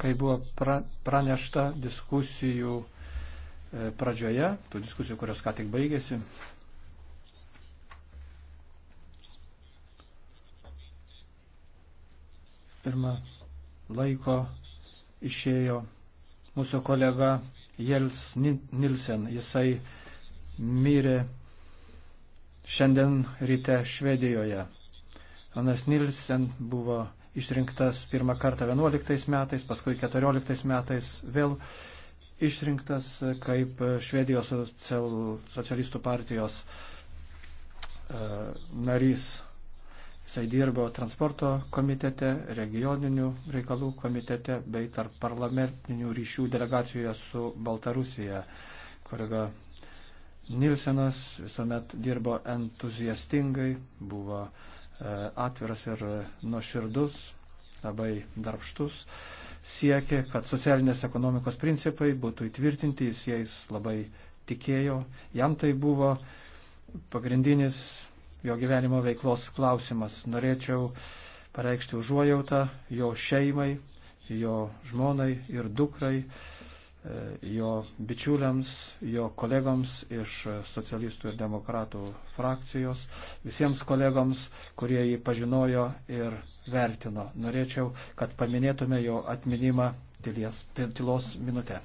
kai buvo pranešta diskusijų e, pradžioje, tų diskusijų, kurios ką tik baigėsi. Pirmą laiko išėjo mūsų kolega Jels Nilsen. Jisai mirė šiandien ryte Švedijoje. Anas Nilsen buvo išrinktas pirmą kartą 11 metais, paskui 14 metais vėl išrinktas kaip Švedijos socialistų partijos e, narys. Jisai dirbo transporto komitete, regioninių reikalų komitete bei tarp parlamentinių ryšių delegacijoje su Baltarusija. Kolega Nilsenas visuomet dirbo entuziastingai, buvo uh, E, atviras ir nuoširdus, labai darbštus, siekė, kad socialinės ekonomikos principai būtų įtvirtinti, jis jais labai tikėjo, jam tai buvo pagrindinis jo gyvenimo veiklos klausimas. Norėčiau pareikšti užuojautą jo šeimai, jo žmonai ir dukrai, jo bičiuliams, jo kolegoms iš socialistų ir demokratų frakcijos, visiems kolegoms, kurie jį pažinojo ir vertino. Norėčiau, kad paminėtume jo atminimą tylies, tylos minutę.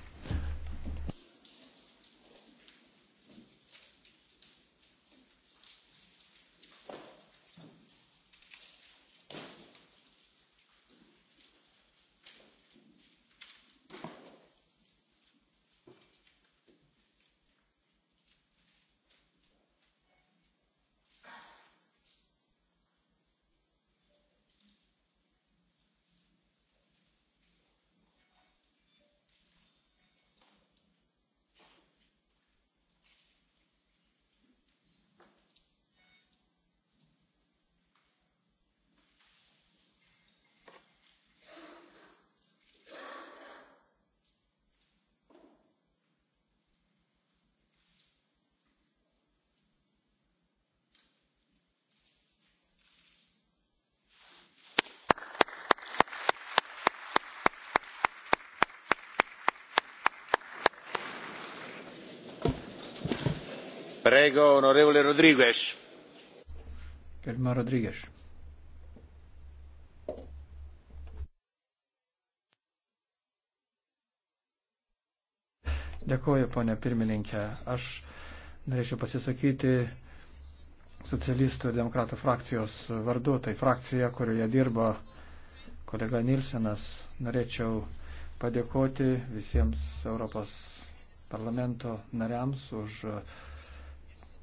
Prego, onorevole Rodriguez. Gerbiama Rodriguez. Dėkuoju, ponė pirmininkė. Aš norėčiau pasisakyti socialistų ir demokratų frakcijos vardu. Tai frakcija, kurioje dirba kolega Nilsenas. Norėčiau padėkoti visiems Europos parlamento nariams už uh,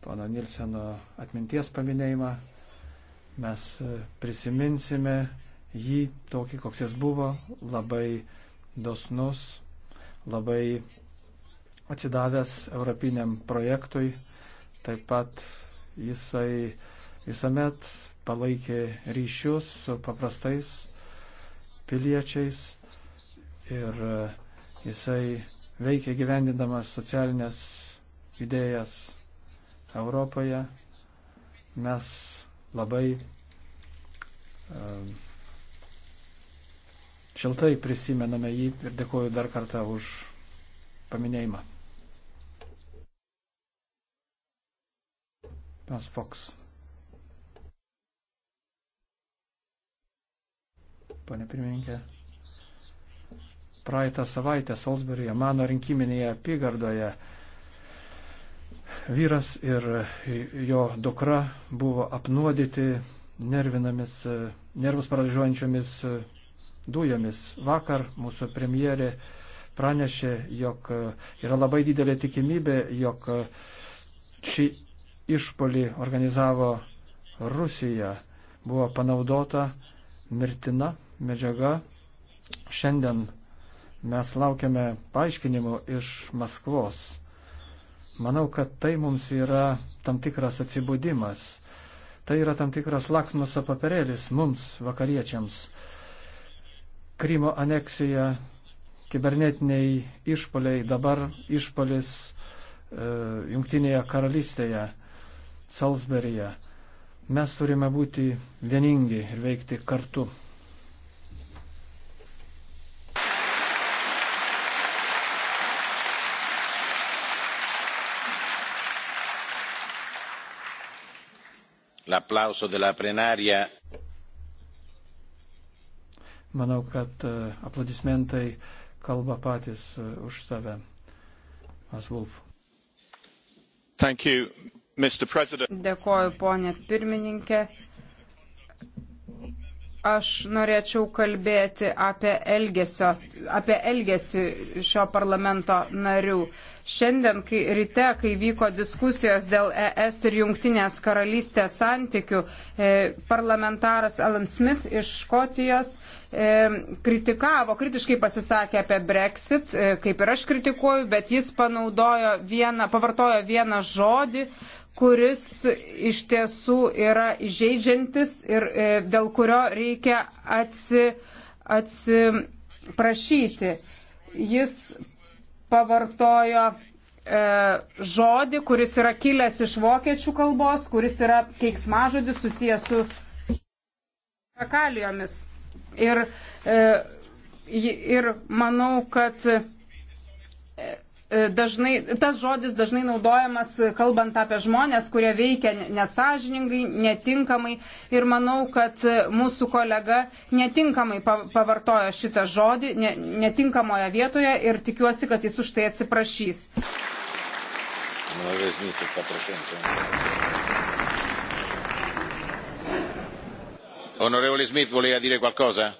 pono Nilseno atminties paminėjimą. Mes e, prisiminsime jį tokį, koks jis buvo, labai dosnus, labai atsidavęs europiniam projektui. Taip pat jisai visuomet palaikė ryšius su paprastais piliečiais ir e, jisai veikia gyvendindamas socialinės idėjas Europoje mes labai šiltai prisimename jį ir dėkoju dar kartą už paminėjimą. Pas Fox. Pane pirmininkė, praeitą savaitę Salisburyje, mano rinkiminėje apygardoje, Vyras ir jo dukra buvo apnuodyti nervinamis, nervus paralyžiuojančiomis dujomis. Vakar mūsų premjerė pranešė, jog yra labai didelė tikimybė, jog šį išpolį organizavo Rusija. Buvo panaudota mirtina medžiaga. Šiandien mes laukiame paaiškinimų iš Maskvos. Manau, kad tai mums yra tam tikras atsibudimas. Tai yra tam tikras laksmuso papirėlis mums, vakariečiams. Krymo aneksija, kibernetiniai išpoliai, dabar išpolis e, Junktinėje karalystėje, Salisburyje. Mes turime būti vieningi ir veikti kartu. l'applauso della plenaria. Manau, kad e, aplaudismentai kalba patys e, už save. Aswolf. Thank you, Mr. President. Dėkoju, ponė pirmininkė. Aš norėčiau kalbėti apie, elgesio, apie elgesį šio parlamento narių. Šiandien kai, ryte, kai vyko diskusijos dėl ES ir Junktinės karalystės santykių, e, parlamentaras Alan Smith iš Škotijos e, kritikavo, kritiškai pasisakė apie Brexit, e, kaip ir aš kritikuoju, bet jis panaudojo vieną, pavartojo vieną žodį, kuris iš tiesų yra žaidžiantis ir e, dėl kurio reikia atsi, atsiprašyti. Jis pavartojo e, žodį, kuris yra kilęs iš vokiečių kalbos, kuris yra keiksmažodis susijęs su rakalijomis. Ir, e, ir manau, kad E, dažnai, tas žodis dažnai naudojamas e, kalbant apie žmonės, kurie veikia nesažiningai, netinkamai. Ir manau, kad e, mūsų kolega netinkamai pavartojo šitą žodį, ne, netinkamoje vietoje ir tikiuosi, kad jis už tai atsiprašys. Nu, Onorevole Smith voleva dire qualcosa?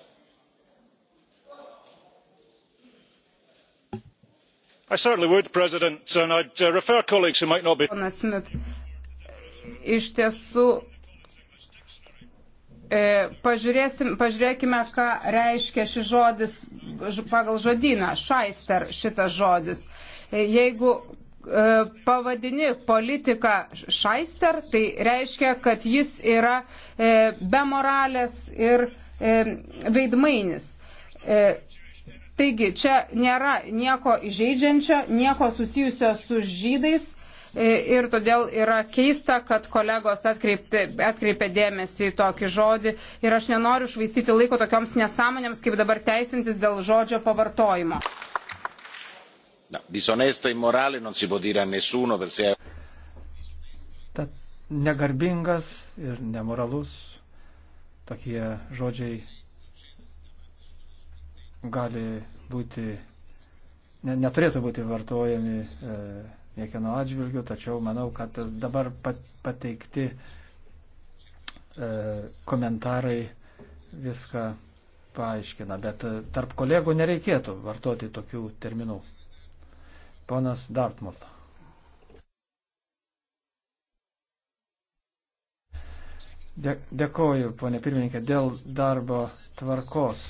I certainly would, President, and I'd uh, refer colleagues who might not be. Ponas Smith, iš tiesų e, pažiūrėsim, pažiūrėkime, ką reiškia šis žodis pagal žodyną. Šaister šitas žodis. E, jeigu e, pavadini politiką šaister, tai reiškia, kad jis yra be moralės ir veidmainis. Taigi čia nėra nieko įžeidžiančio, nieko susijusio su žydais. E, ir todėl yra keista, kad kolegos atkreipti, atkreipė dėmesį į tokį žodį. Ir aš nenoriu švaistyti laiko tokioms nesąmonėms, kaip dabar teisintis dėl žodžio pavartojimo. No, disonesto immorale non si può dire a nessuno per se... Tad negarbingas ir nemoralus tokie žodžiai gali būti, ne, neturėtų būti vartojami e, niekieno atžvilgių, tačiau manau, kad dabar pat, pateikti e, komentarai viską paaiškina, bet tarp kolegų nereikėtų vartoti tokių terminų. Ponas Dartmouth. Dėkoju, ponė pirmininkė, dėl darbo tvarkos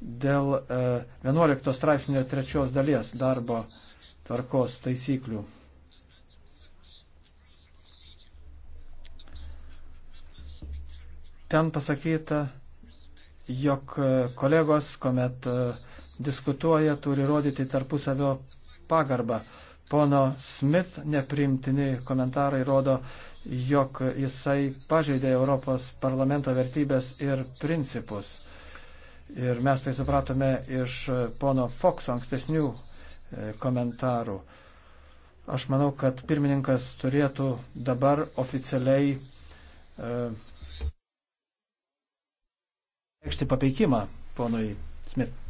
dėl 11 e, straipsnio 3 dalies darbo tvarkos taisyklių. Ten pasakyta, jog kolegos, kuomet e, diskutuoja, turi rodyti tarpusavio pagarbą. Pono Smith neprimtini komentarai rodo, jog jisai pažeidė Europos parlamento vertybės ir principus. Ir mes tai supratome iš pono Fox ankstesnių e, komentarų. Aš manau, kad pirmininkas turėtų dabar oficialiai e, reikšti papeikimą ponui Smith.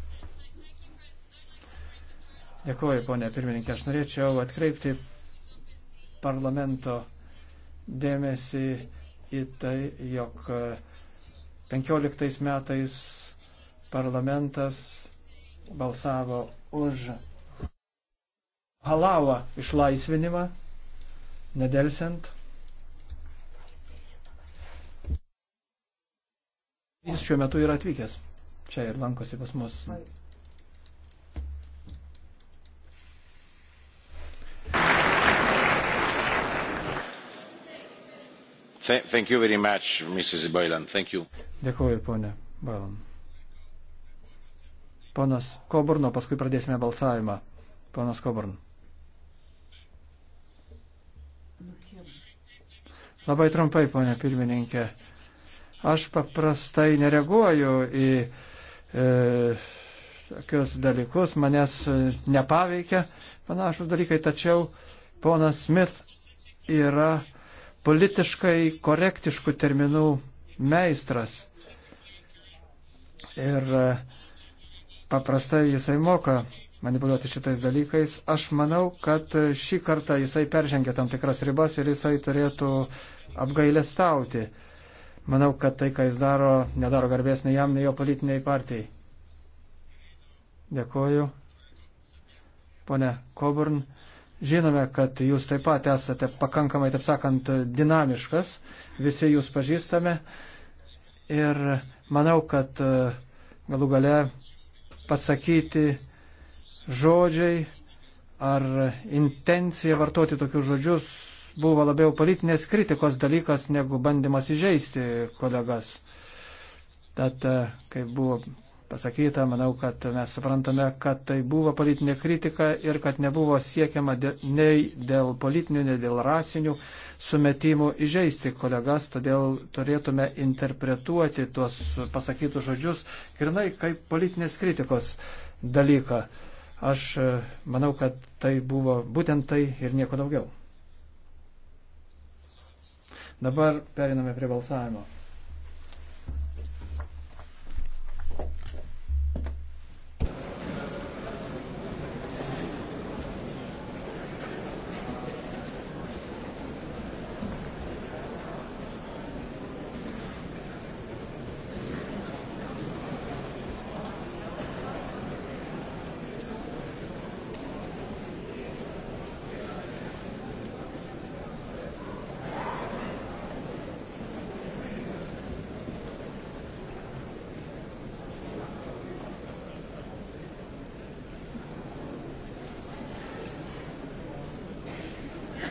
Dėkuoju, ponė pirmininkė. Aš norėčiau atkreipti parlamento dėmesį į tai, jog 15 e, metais parlamentas balsavo už halavą išlaisvinimą, nedelsiant. Jis šiuo metu yra atvykęs čia ir lankosi pas mus. Thank you very much, Mrs. Boylan. Thank you. Dėkuoju, ponė Boylan. Ponas Koburno, paskui pradėsime balsavimą. Ponas Koburn. Labai trumpai, ponė pirmininkė. Aš paprastai nereaguoju į e, tokius dalykus, manęs e, nepaveikia panašus dalykai, tačiau ponas Smith yra politiškai korektiškų terminų meistras. Ir e, paprastai jisai moka manipuliuoti šitais dalykais. Aš manau, kad šį kartą jisai peržengė tam tikras ribas ir jisai turėtų apgailestauti. Manau, kad tai, ką jis daro, nedaro garbės nei jam, nei jo politiniai partijai. Dėkuoju. Pone Koburn, žinome, kad jūs taip pat esate pakankamai, taip sakant, dinamiškas, visi jūs pažįstame ir manau, kad e, galų gale pasakyti žodžiai ar intencija vartoti tokius žodžius buvo labiau politinės kritikos dalykas negu bandymas įžeisti kolegas. Tad, e, kai buvo pasakyta, manau, kad mes suprantame, kad tai buvo politinė kritika ir kad nebuvo siekiama de, nei dėl politinių, nei dėl rasinių sumetimų įžeisti kolegas, todėl turėtume interpretuoti tuos pasakytus žodžius grinai kaip politinės kritikos dalyką. Aš e, manau, kad tai buvo būtent tai ir nieko daugiau. Dabar periname prie balsavimo.